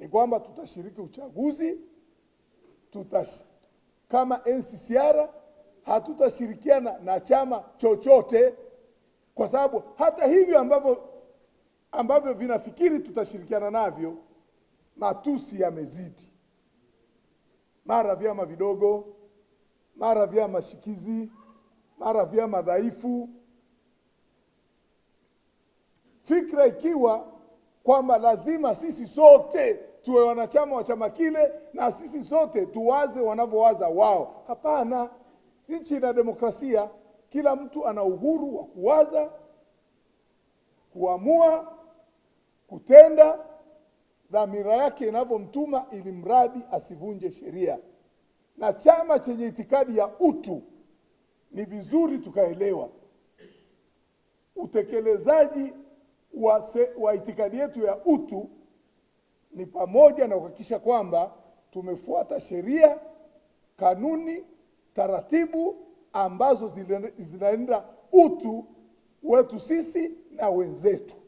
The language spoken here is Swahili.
ni kwamba tutashiriki uchaguzi tutash, kama NCCR hatutashirikiana na chama chochote, kwa sababu hata hivyo ambavyo, ambavyo vinafikiri tutashirikiana navyo, matusi yamezidi, mara vyama vidogo, mara vyama shikizi, mara vyama dhaifu, fikra ikiwa kwamba lazima sisi sote tuwe wanachama wa chama kile na sisi sote tuwaze wanavyowaza wao. Hapana, nchi ina demokrasia, kila mtu ana uhuru wa kuwaza, kuamua, kutenda dhamira yake inavyomtuma, ili mradi asivunje sheria. Na chama chenye itikadi ya utu, ni vizuri tukaelewa utekelezaji wa, wa itikadi yetu ya utu ni pamoja na kuhakikisha kwamba tumefuata sheria, kanuni, taratibu ambazo zinaenda utu wetu sisi na wenzetu.